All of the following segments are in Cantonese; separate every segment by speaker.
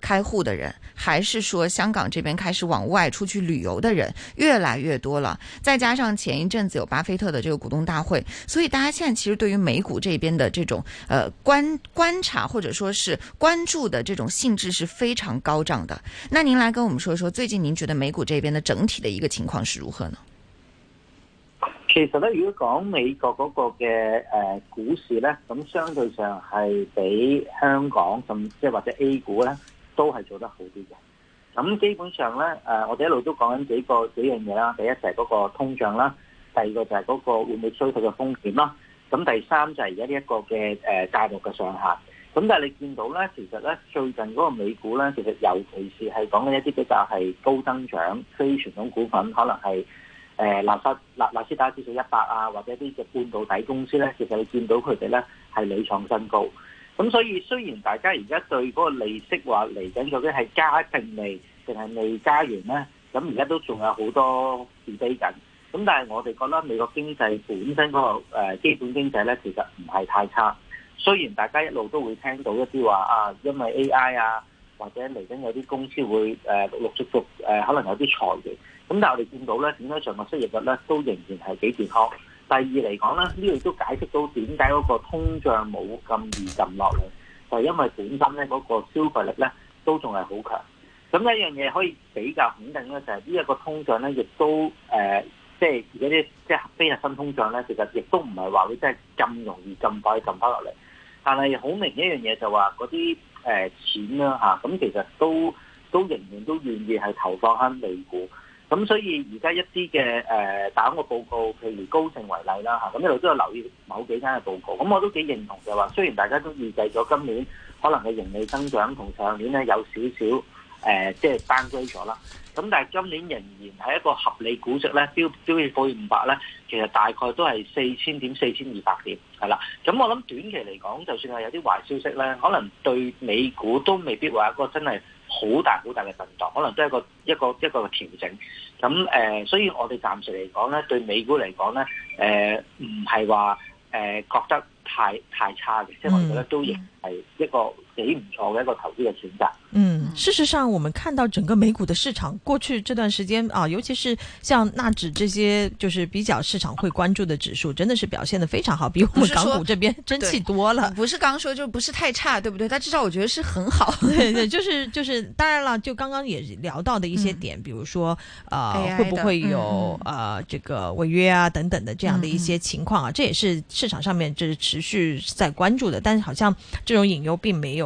Speaker 1: 開戶的人，還是說香港這邊開始往外出去旅遊的人越來越多了。再加上前一陣子有巴菲特的這個股東大會，所以大家現在其實對於美股這邊的這種呃觀觀察或者說是關注的這種興致是非常高漲的。那您來跟我們說一說，最近您覺得美股這邊的整體的一個情況是如何呢？其實呢，如果
Speaker 2: 講美國嗰個嘅、呃、股市呢，咁相對上係比香港甚至或者 A 股呢。都係做得好啲嘅，咁基本上咧，誒，我哋一路都講緊幾個幾樣嘢啦。第一就係嗰個通脹啦，第二就係個就係嗰個會唔會衰退嘅風險啦，咁第三就係而家呢一個嘅誒債務嘅上限。咁但係你見到咧，其實咧最近嗰個美股咧，其實尤其是係講緊一啲比較係高增長、非傳統股份，可能係誒納什納納斯達克指數一百啊，或者啲嘅半導體公司咧，其實你見到佢哋咧係屢創新高。咁所以雖然大家而家對嗰個利息話嚟緊究竟係加定未定係未加完呢？咁而家都仲有好多自備緊。咁但係我哋覺得美國經濟本身嗰個基本經濟呢，其實唔係太差。雖然大家一路都會聽到一啲話啊，因為 AI 啊，或者嚟緊有啲公司會誒、啊、陸陸續續、啊、可能有啲裁員。咁但係我哋見到呢，點解上個失業率呢都仍然係幾健康？第二嚟講咧，呢度都解釋到點解嗰個通脹冇咁易撳落嚟，就係、是、因為本身咧、嗰個消費力咧都仲係好強。咁一樣嘢可以比較肯定咧，就係呢一個通脹咧，亦都、呃、即係而家啲即係非核心通脹咧，其實亦都唔係話你真係咁容易咁快撳翻落嚟。但係好明一樣嘢就話嗰啲錢啦、啊、咁、啊、其實都都仍然都願意係投放喺美股。咁所以而家一啲嘅誒大行嘅報告，譬如高盛為例啦吓，咁一路都有留意某幾間嘅報告。咁我都幾認同就話，雖然大家都預計咗今年可能嘅盈利增長同上年咧有少少誒、呃，即係單低咗啦。咁、啊、但係今年仍然係一個合理估值咧，標標普五百咧，其實大概都係四千點、四千二百點係啦。咁我諗短期嚟講，就算係有啲壞消息咧，可能對美股都未必話一個真係好大好大嘅震盪，可能都係一個一個一個調整。咁誒、呃，所以我哋暫時嚟講咧，對美股嚟講咧，誒唔係話誒覺得太太差嘅，即係、嗯、我哋覺得都仍係一個。幾唔錯嘅
Speaker 1: 一個投資嘅選擇。嗯，事實上，我們看到整個美股的市場過去這段時間啊，尤其是像納指這些，就是比較市場會關注的指數，真的是表現的非常好，比我們港股這邊爭氣多了。是不是剛，剛說就不是太差，對不對？但至少我覺得是很好的。 對，就是，就是，當然了，就剛剛也聊到的一些點，嗯、比如說，啊、呃，的會不會有啊、嗯呃，這個違約啊等等的這樣的一些情況、嗯嗯、啊，這也是市場上面就是持續在關注的。但是好像這種隱憂並沒有。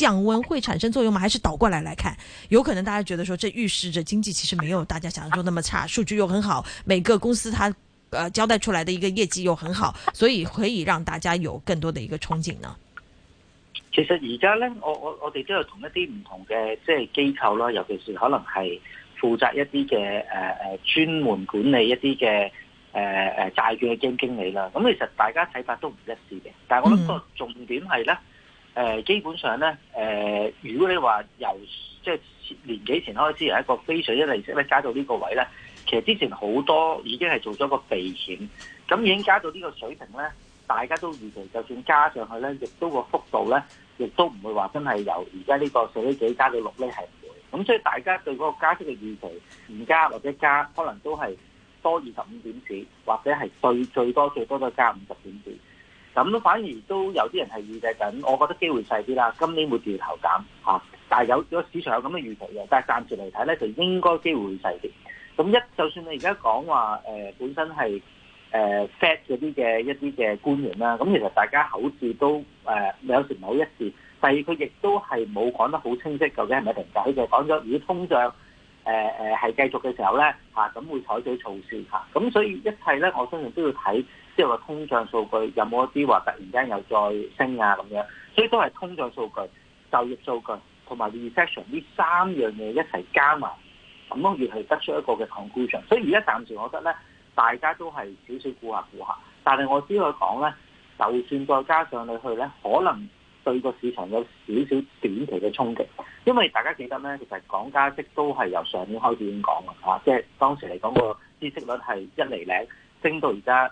Speaker 1: 降溫會產生作用嗎？還是倒過來來看？有可能大家覺得說，這預示着經濟其實沒有大家想象中那麼差，數據又很好，每個公司它呃交代出來的一個業績又很好，所以可以讓大家有更多的一個憧憬呢？
Speaker 2: 其實而家呢，我我我哋都有同一啲唔同嘅即係機構咯，尤其是可能係負責一啲嘅誒誒專門管理一啲嘅誒誒債券基金經理啦。咁其實大家睇法都唔一致嘅，但係我諗個重點係咧。嗯誒、呃、基本上咧，誒、呃、如果你話由即係、就是、年幾前開始，係一個非常低利息咧，加到呢個位咧，其實之前好多已經係做咗個避險，咁已經加到呢個水平咧，大家都預期就算加上去咧，亦都個幅度咧，亦都唔會話真係由而家呢個四釐幾加到六咧，係唔會，咁所以大家對嗰個加息嘅預期唔加或者加，可能都係多二十五點子，或者係最最多最多都加五十點子。咁都反而都有啲人係預計緊，我覺得機會細啲啦。今年會掉頭減嚇，但係有個市場有咁嘅預期嘅，但係暫時嚟睇咧，就應該機會會細啲。咁一就算你而家講話本身係誒 fat 嗰啲嘅一啲嘅官員啦，咁其實大家口字都誒有時唔係好一致。但係佢亦都係冇講得好清晰，究竟係咪停滯？佢就講咗，如果通脹誒係繼續嘅時候咧，咁會採取措施嚇。咁所以一切咧，我相信都要睇。即係話通脹數據有冇一啲話突然間又再升啊，咁樣，所以都係通脹數據、就業數據同埋 recession 呢三樣嘢一齊加埋，咁樣而係得出一個嘅 conclusion。所以而家暫時我覺得咧，大家都係少少顧吓。顧吓，但係我只可以講咧，就算再加上你去咧，可能對個市場有少少短期嘅衝擊，因為大家記得咧，其實講加息都係由上年開始已經講啦，嚇、啊，即、就、係、是、當時嚟講個孳息率係一釐零升到而家。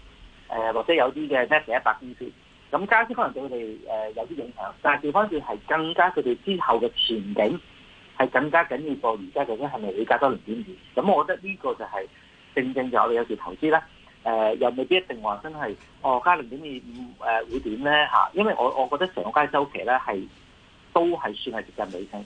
Speaker 2: 誒、呃、或者有啲嘅咧成一百公司，咁加息可能對佢哋誒有啲影響，但係調返轉係更加佢哋之後嘅前景係更加緊要過而家究竟係咪會加多零點二？咁我覺得呢個就係、是、正正就我哋有時投資咧，誒、呃、又未必一定話真係哦加零點二誒會點咧嚇，因為我我覺得成個週期咧係都係算係接近尾聲。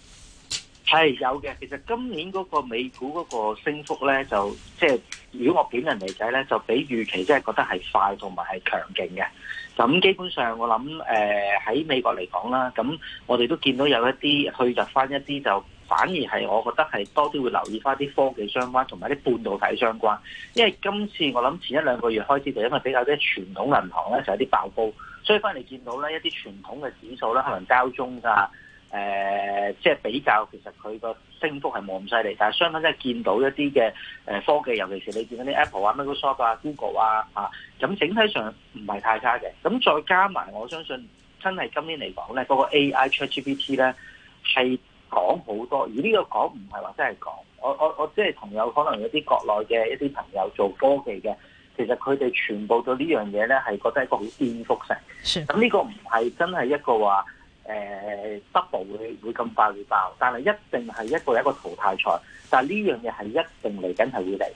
Speaker 2: 係有嘅，其實今年嗰個美股嗰個升幅咧，就即係，就是，如果我本人嚟睇咧，就比預期即係覺得係快同埋係強勁嘅。咁基本上我諗誒喺美國嚟講啦，咁我哋都見到有一啲去入翻一啲，就反而係我覺得係多啲會留意翻啲科技相關同埋啲半導體相關。因為今次我諗前一兩個月開始，就因為比較啲傳統銀行咧就有啲爆煲，所以翻嚟見到咧一啲傳統嘅指數咧，可能交中㗎。誒、呃，即係比較，其實佢個升幅係冇咁犀利，但係相反真係見到一啲嘅誒科技，尤其是你見嗰啲 Apple 啊、Microsoft 啊、Google 啊，嚇、啊、咁整體上唔係太差嘅。咁再加埋，我相信真係今年嚟講咧，嗰、那個 AI ChatGPT 咧係講好多，而呢個講唔係話真係講，我我我即係同有可能有啲國內嘅一啲朋友做科技嘅，其實佢哋全部對這呢樣嘢咧係覺得係一個好顛覆性。咁呢個唔係真係一個話。誒 double、呃、會咁快會爆，但係一定係一個一個淘汰賽。但係呢樣嘢係一定嚟緊係會嚟。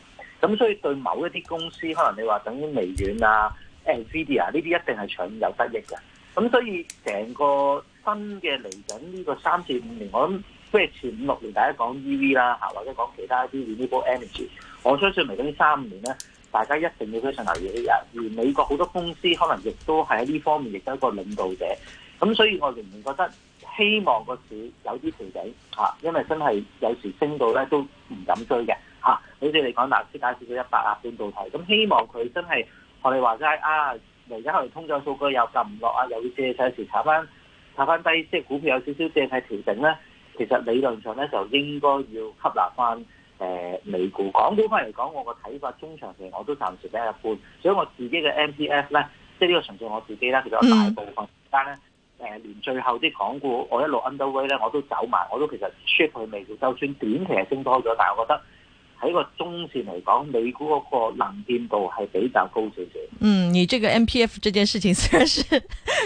Speaker 2: 咁所以對某一啲公司，可能你話等於微軟啊、Nvidia 呢啲，一定係長遠有得益嘅。咁所以成個新嘅嚟緊呢個三至五年，我諗即係前五六年大家講 EV 啦，嚇、啊、或者講其他一啲 renewable energy，我相信嚟緊呢三五年咧，大家一定要非常留意啲人。而美國好多公司可能亦都係喺呢方面亦都係一個領導者。咁所以，我仍然覺得希望個市有啲調整嚇，因為真係有時升到咧都唔敢追嘅嚇。啊、好似你講，嗱、啊，先介紹到一百壓盤度睇，咁希望佢真係學你話齋啊，而家可能通脹數據又撳唔落啊，有啲嘢，有時炒翻炒翻低，即係股票有些少少借喺調整咧。其實理論上咧，就應該要吸納翻誒美股。港股翻嚟講，我個睇法中長期我都暫時比較一般，所以我自己嘅 MDF 咧，即係呢個純粹我自己啦，其實大部分時間咧。Mm. 誒連最後啲港股，我一路 underweight 咧，我都走埋，我都其實 ship 佢未，就算短期係升多咗，但係我覺得。喺
Speaker 1: 個中線嚟講，美股嗰個能見度係比較高少少。嗯，你這個 MPF 這件事情雖然是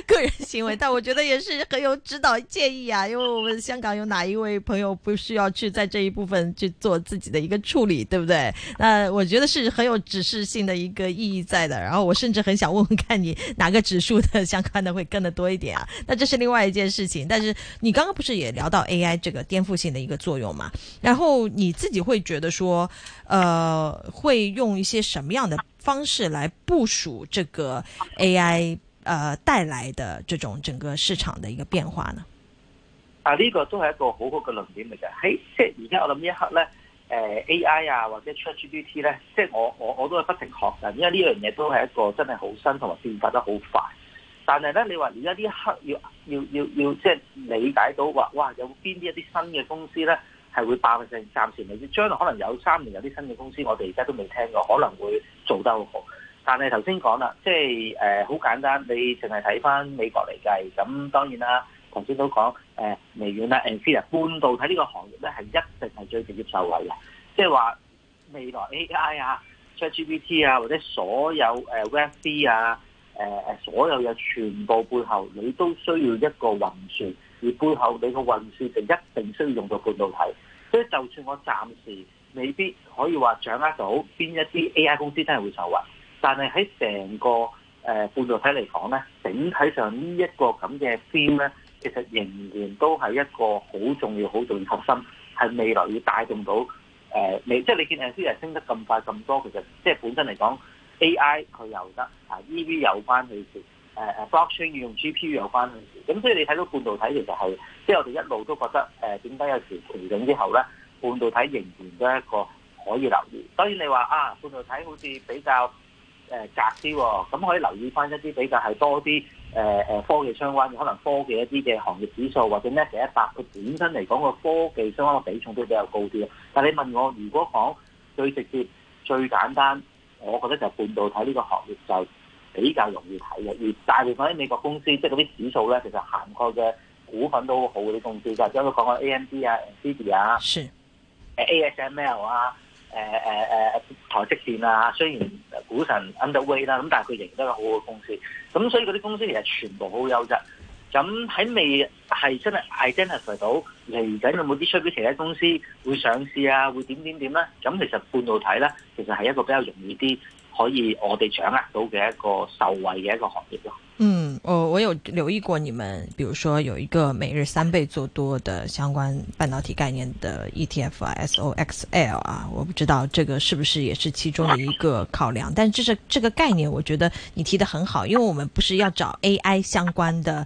Speaker 1: 個人行為，但我覺得也是很有指導建議啊。因為我們香港有哪一位朋友不需要去在這一部分去做自己的一個處理，對不對？那我覺得是很有指示性的一個意義在的。然後我甚至很想問問，看你哪個指數的相關的會更得多一點啊？那這是另外一件事情。但是你剛剛不是也聊到 AI 這個顛覆性的一個作用嘛？然後你自己會覺得說？誒、呃，會用一些什麼樣的方式來部署這個 AI？誒、呃、帶來的這種整個市場的一個變化呢？
Speaker 2: 啊，呢個都係一個好好嘅論點嚟嘅。喺即係而家我諗呢一刻咧，誒、呃、AI 啊或者 ChatGPT 咧，即係我我我都係不停學嘅，因為呢樣嘢都係一個真係好新同埋變化得好快。但係咧，你話而家呢一刻要要要要即係理解到話哇有邊啲一啲新嘅公司咧？係會爆分之，暫時未知，將來可能有三年有啲新嘅公司，我哋而家都未聽過，可能會做得好好。但係頭先講啦，即係誒，好、呃、簡單，你淨係睇翻美國嚟計，咁當然啦，頭先都講誒、呃，微軟啊，Nvidia 半導體呢個行業咧係一定係最直接受惠嘅，即係話未來 AI 啊，ChatGPT 啊，或者所有誒 V b D 啊，誒、呃、誒所有嘢全部背後你都需要一個運算，而背後你個運算就一定需要用到半導體。所以就算我暫時未必可以話掌握到邊一啲 AI 公司真係會受惠，但係喺成個誒半導體嚟講咧，整體上呢一個咁嘅 theme 咧，其實仍然都係一個好重要、好重要核心，係未來要帶動到誒未。即係你見 Nvidia 升得咁快咁多，其實即係本身嚟講 AI 佢又得啊 EV 有關佢。誒 blockchain 要用 GPU 有關嘅事，咁所以你睇到半導體其實係，即係我哋一路都覺得誒點解有時調整之後咧，半導體仍然都係一個可以留意。當然你話啊，半導體好似比較誒窄啲喎，咁、呃哦、可以留意翻一啲比較係多啲誒、呃、科技相關嘅，可能科技一啲嘅行業指數或者呢成一百，佢本身嚟講個科技相關嘅比重都比較高啲。但你問我，如果講最直接、最簡單，我覺得就半導體呢個行業就。比較容易睇嘅，而大部分喺美國公司，即係嗰啲指數咧，其實涵蓋嘅股份都好好嘅啲公司，就將佢講下 AMD 啊、Nvidia 啊、誒 ASML 是啊、誒誒誒台積電啊，雖然股神 underweight 啦、啊，咁但係佢仍然都係好好公司。咁所以嗰啲公司其實全部好優質。咁喺未係真係 identify 到嚟緊有冇啲出邊其他公司會上市啊？會點點點咧？咁其實半導體咧，其實係一個比較容易啲。可以我哋掌握到
Speaker 1: 嘅一個受惠嘅一個行業咯。嗯，我我有留意過你們，比如說有一個每日三倍做多的相關半導體概念的 ETF 啊，SOXL 啊，我不知道這個是不是也是其中的一個考量， 但係這是這個概念，我覺得你提得很好，因為我們不是要找 AI 相關的。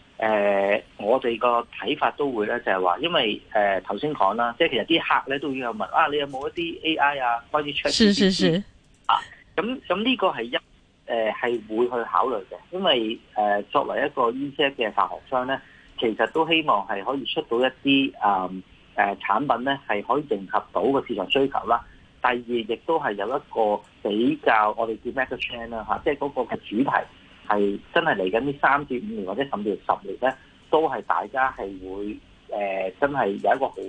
Speaker 2: 誒、呃，我哋個睇法都會咧，就係、是、話，因為誒頭先講啦，即係其實啲客咧都會有問，啊，你有冇一啲 AI 啊，開始出 h e c 是是是啊，咁咁呢個係一誒係、呃、會去考慮嘅，因為誒、呃、作為一個 ETF 嘅發行商咧，其實都希望係可以出到一啲誒誒產品咧，係可以迎合到個市場需求啦。第二，亦都係有一個比較，我哋叫 market trend 啦，嚇，即係嗰個嘅主題。係真係嚟緊呢三至五年或者甚至十年呢都係大家係會誒真係有一個好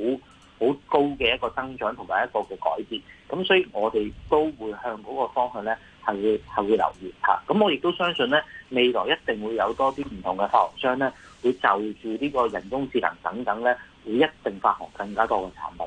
Speaker 2: 好高嘅一個增長同埋一個嘅改變。咁所以我哋都會向嗰個方向呢係會係會留意吓。咁我亦都相信呢未來一定會有多啲唔同嘅發行商呢會就住呢個人工智能等等呢，會一定發行更加多嘅產品。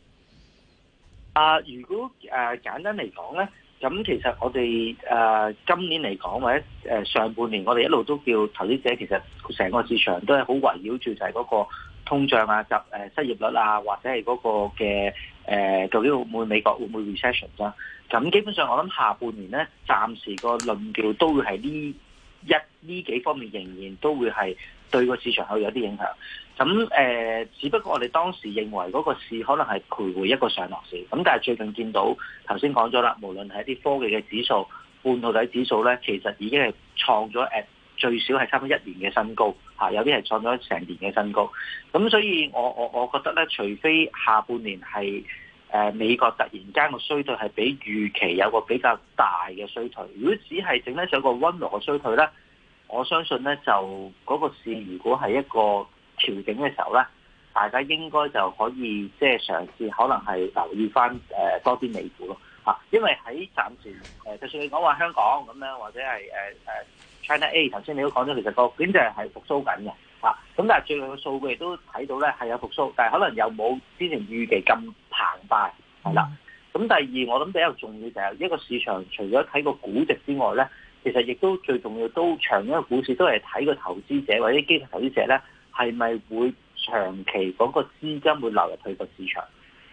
Speaker 2: 啊，如果誒、啊、簡單嚟講咧，咁其實我哋誒、啊、今年嚟講或者上半年，我哋一路都叫投資者其實成個市場都係好圍繞住就係嗰個通脹啊、就失業率啊，或者係嗰個嘅、啊、究竟會唔會美國會唔會 recession 啦、啊？咁基本上我諗下半年咧，暫時個論調都會係呢一呢幾方面仍然都會係。對個市場有啲影響，咁誒、呃，只不過我哋當時認為嗰個市可能係徘徊一個上落市，咁但係最近見到頭先講咗啦，無論係一啲科技嘅指數、半導體指數咧，其實已經係創咗誒最少係差唔多一年嘅新高，吓有啲係創咗成年嘅新高，咁所以我我我覺得咧，除非下半年係、呃、美國突然間個衰退係比預期有個比較大嘅衰退，如果只係整得上個溫和嘅衰退咧。我相信咧，就嗰個市如果係一個調整嘅時候咧，大家應該就可以即係嘗試，可能係留意翻、呃、多啲美股咯。因為喺暫時、呃、就算你講話香港咁樣，或者係、呃、China A，頭先你都講咗，其實個經濟係復甦緊嘅。咁但係最後嘅數據都睇到咧，係有復甦，但係可能又冇之前預期咁澎湃係啦。咁的第二，我諗比較重要就係一個市場，除咗睇個估值之外咧。其實亦都最重要，都長一個股市都係睇個投資者或者基金投資者咧，係咪會長期講個資金會流入去個市場？